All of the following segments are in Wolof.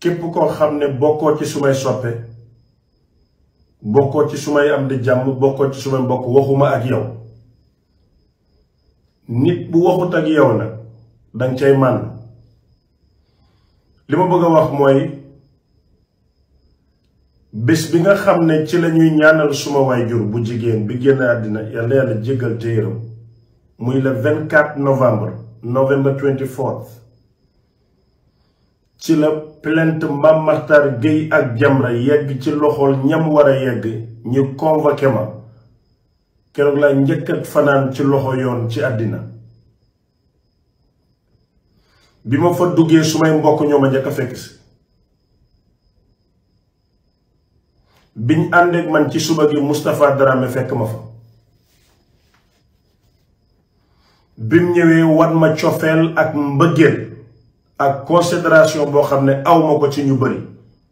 képp ko xam ne bokkoo ci sumay soppe bokkoo ci sumay am di jàmm bokkoo ci sumay mbokk waxuma ak yow nit bu waxut ak yow nag danga cay mànn li ma bëgg a wax mooy bés bi nga xam ne ci lañuy ñaanal suma waajur bu jigéen bi génn àddina yàlla yàlla jéggal te yërëm muy le 24 novembre novembre 24 ci la plainte Mame Makhtar Gueye ak Jamra yegg ci loxol ñam war a yegg ñu convoqué ma keroog laa njëkkat fanaan ci loxo yoon ci àddina bi ma fa duggee su may mbokk ñoo ma njëkk a fekk si biñ ànd ak man ci suba gi Moustapha Dramé fekk ma fa bim ñëwee wan ma cofeel ak mbëggeel ak considération boo xam ne awma ko ci ñu bëri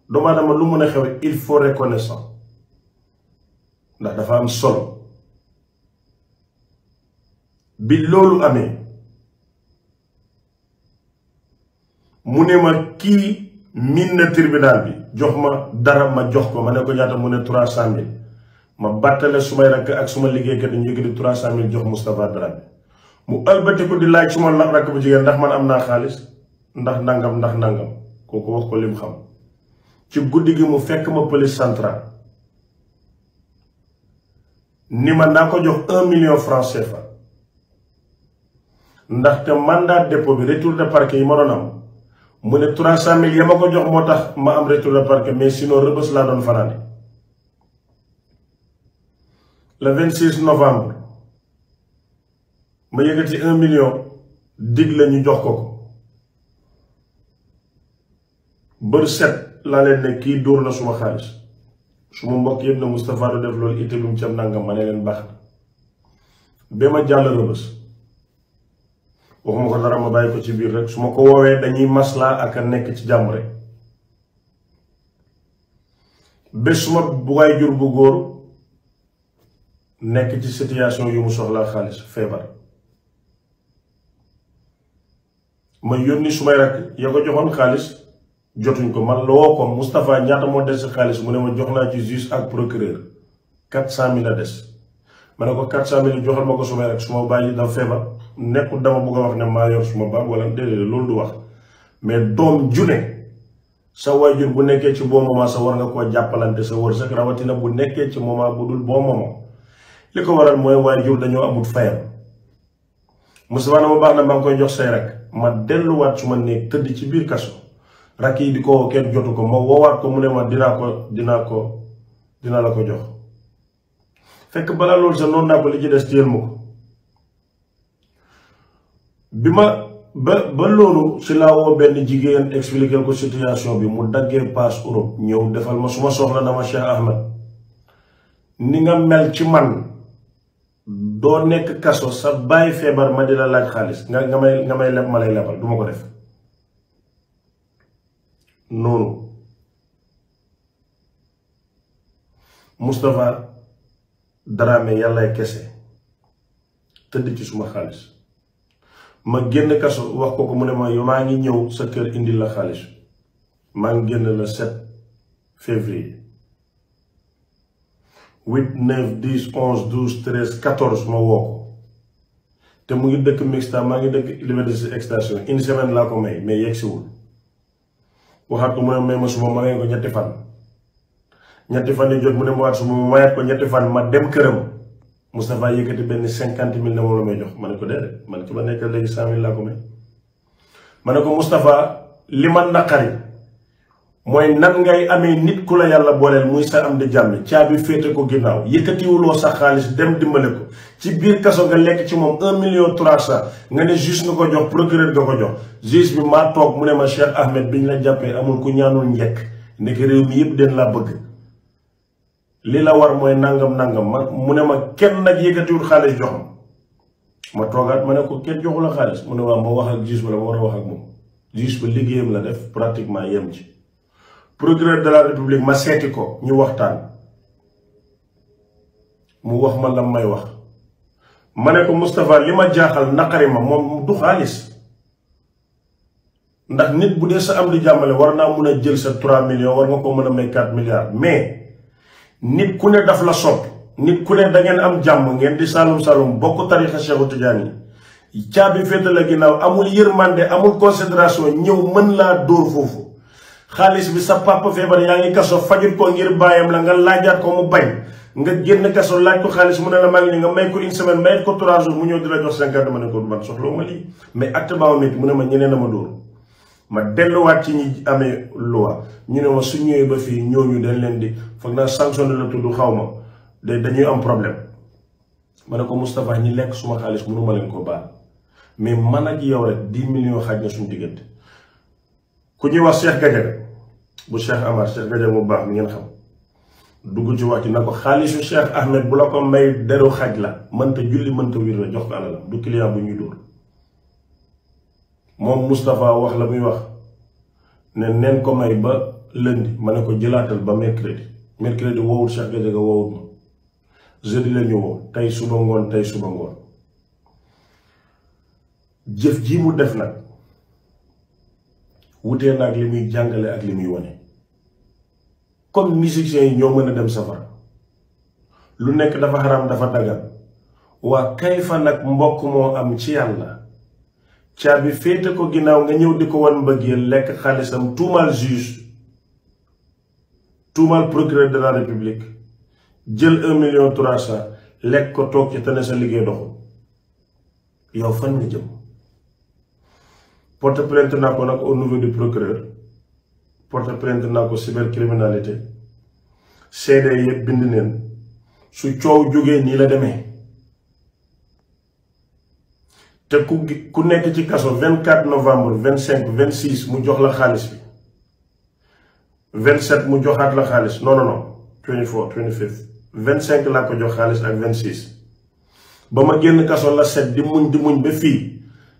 doomu ma lu mën a xew il faut reconnaissant ndax dafa am solo bi loolu amee mu ne ma kii min na tribunal bi jox ma dara ma jox ko ma ne ko ñaata mu ne trois cent mille ma bàttale su may rakk ak suma liggéeykat yi ñu yëkkati trois cent mille jox Moustapha Dramé mu ëlbati ko di laaj suma rakk bu jigéen ndax man am naa xaalis ndax nangam ndax nangam kooku wax ko lim xam guddi gi mu fekk ma police centrale ni ma naa ko jox un million franc CFA ndaxte mandat dépôt bi retour de parquet yi ma doon am mu ne trois cent mille ya ko jox moo tax ma am retour de parquet mais sinon rëbës laa doon fanaane le novembre ma yëkkati un million dig la ñu jox ko ko bër set la leen ne kii dóor na suma xaalis suma mbokk yëpp ne Moustapha du def loolu itteelum cam nangam ma ne leen baax na ba ma jàll rëbës waxuma ko dara ma bàyyi ko ci biir rek su ma ko woowee dañuy maslaa ak a nekk ci jàmm rek ba suma bugaay jur bu góor nekk ci situation yu mu soxlaa xaalis feebar ma yónni sumay rakk ya ko joxoon xaalis jotuñ ko man la woo ko Moustapha ñaata moo des sa xaalis mu ne ma jox naa ci juge ak procureur quatre cent mille a des ma ne ko quatre cent mille joxal ma ko su ma rek su ma bàyyi nekkul dama bëgg a wax ne maa baam wala déedéet loolu du wax mais doom june sa waajur bu nekkee ci bon moment sa war nga koo jàppalante sa rawatina bu nekkee ci moment bu dul bon moment li ko waral mooy waajur dañoo amut fayam Moustapha na ma baax na maa ngi koy jox say rek ma delluwaat su ma néeg tëdd ci biir kaso rakk yi di ko woo kenn jotu ko ma woowaat ko mu ne ma dinaa ko dinaa ko dina la ko jox fekk balaa loolu sa noonu naa ko li ci des téel ma ko bi ma ba ba loolu si laa woo benn jigéen expliquer ko situation bi mu daggee paas Europe ñëw defal ma su ma soxla dama Cheikh Ahmed ni nga mel ci man doo nekk kaso sa bàyyi feebar ma di la laaj xaalis nga nga may nga may leb ma lay lebal du ma ko def noonu Moustapha Dramé yàllaay kese tëdd ci suma xaalis ma génn kaso wax ko mu ne maa ngi ñëw sa kër indil la xaalis maa ngi génn la 7 février 8 9 10 11 12 13 ma woo ko te mu ngi dëkk Mixta maa ngi dëkk Liberté Extension une semaine laa ko may mais yegsiwul waxaat ko mu ne may ma suba ma may ko ñetti fan ñetti fan yi jot mu ne ma waat suba ma mayaat ko ñetti fan ma dem këram Moustapha yëkkati benn cinquante mille ne moom la may jox ma ne ko déedéet ma nekk léegi cent mille laa ko may ma ne ko Moustapha li ma naqari mooy nan ngay amee nit ku la yàlla booleel muy sa am di jàmm caabi féete ko ginnaaw yëkkatiwuloo sa xaalis dem dimbale ko ci biir kaso nga lekk ci moom un million trois cent nga ne juge nga ko jox procureur nga ko jox juge bi maa toog mu ne ma Cheikh Ahmed bi ñu la jàppee amul ku ñaanul njekk nekk réew laa bëgg li la war mooy nangam nangam ma mu ne ma kenn nag yëkkatiwul xaalis jox ma ma toogaat ma ne ko kenn joxu la xaalis mu ne waa ma wax ak juge ba la ma war a wax ak moom juge ba liggéeyam la def pratiquement yem ci procureur de la république ma seeti ko ñu waxtaan mu wax man la may wax ma ne ko Moustapha li ma jaaxal naqari ma moom du xaalis ndax nit bu dee sa am di jàmmale war naa mun a jël sa 3 millions war nga ko mën a may 4 milliards mais nit ku ne daf la soppi nit ku ne dangeen am jàmm ngeen di saalum saalum bokk tarixa Seexu Tijaan yi caabi féete la ginnaaw amul yërmande amul considération ñëw mën laa dóor foofu xaalis bi sa papa feebar yaa ngi kaso fajul ko ngir bàyyam la nga laajaat ko mu bañ nga génn kaso laaj ko xaalis mu ne la maa ngi nga may ko une semaine may ko trois jours mu ñëw di cinquante ma ne ko man soxla ma lii mais acte baaw métti mu ne ma ñeneen a ma dóor ma delluwaat ci ñi amee loi ñu ne ma su ñëwee ba fii ñu dañ leen di foog naa sanctionné la tudd xaw ma da dañuy am problème ma ne ko Moustapha ñi lekk suma xaalis mu leen ko baal mais man ak yow rek dix millions xaaj ku ñuy wax Cheikh Gadiaga bu Cheikh Amar Cheikh Gadiaga mu baax mi ngeen xam dugg ci wax ci na ko xaalisu Cheikh Ahmed bu la ko may deru xaj la mënta julli mënta wir la jox ko alalam du client bu ñuy dóor moom Moustapha wax la muy wax ne neen ko may ba lundi ma ne ko jëlaatal ba mercredi mercredi woowul Cheikh Gadiaga woowul ma jeudi la woo tey suba ngoon tey suba ngoon jëf ji mu def nag wutee na ak li muy jàngale ak li muy wane comme musiciens yi ñoo mën a dem safara lu nekk dafa xaram dafa dagal waa kay fa nag mbokk moo am ci yàlla caabi féete ko ginnaaw nga ñëw di ko wan mbëggeel lekk xaalisam tuumaal juge tuumaal procureur de la république jël un million trois cent lekk ko toog ci tane sa liggéey doxul yow fan nga jëm porte plainte naa ko nag au niveau du procureur porte plainte naa ko cybercriminalité seede yëpp bind neen su coow jógee nii la demee te ku ku nekk ci kaso 24 novembre 25 26 mu jox la xaalis bi 27 mu joxaat la xaalis non non non 24 25 25 laa ko jox xaalis ak 26 ba ma génn kaso la set di muñ di muñ ba fii.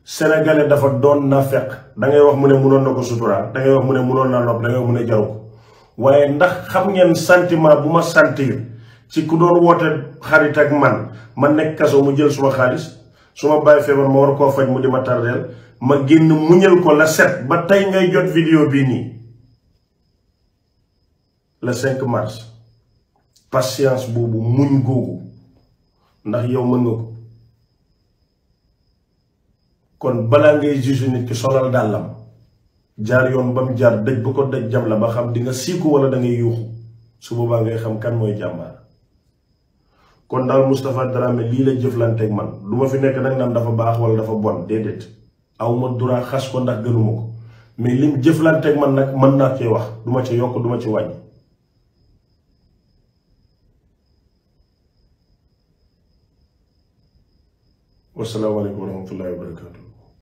sénégalais dafa doon na fekk da ngay wax mu ne mënoon na ko suturaal da wax mu ne munoon naa nopp da ngay wax mu ne jaru ko waaye ndax xam ngeen sentiment bu ma sentir ci ku doon woote xarit ak man ma nekk kaso mu jël suma xaalis su ma bàyyi feebar ma war koo faj mu di ma tardeel ma génn muñal ko la set ba tey ngay jot vidéo bii nii la 5 mars patience boobu muñ googu ndax yow mën nga ko kon balaa ngay juge nit ki solal dàllam jaar yoon ba jaar dëj bu ko dëj jam ba xam di nga siiku wala da ngay yuuxu su boobaa ngay xam kan mooy jàmbaar kon daal Moustapha Dramé lii la jëflanteeg man du ma fi nekk nag naan dafa baax wala dafa bon déedéet aw ma duraa xas ko ndax gënuma ko mais lim jëflanteeg man nag mën naa cee wax duma ci yokk du ma ci wàññi. wasalaamaaleykum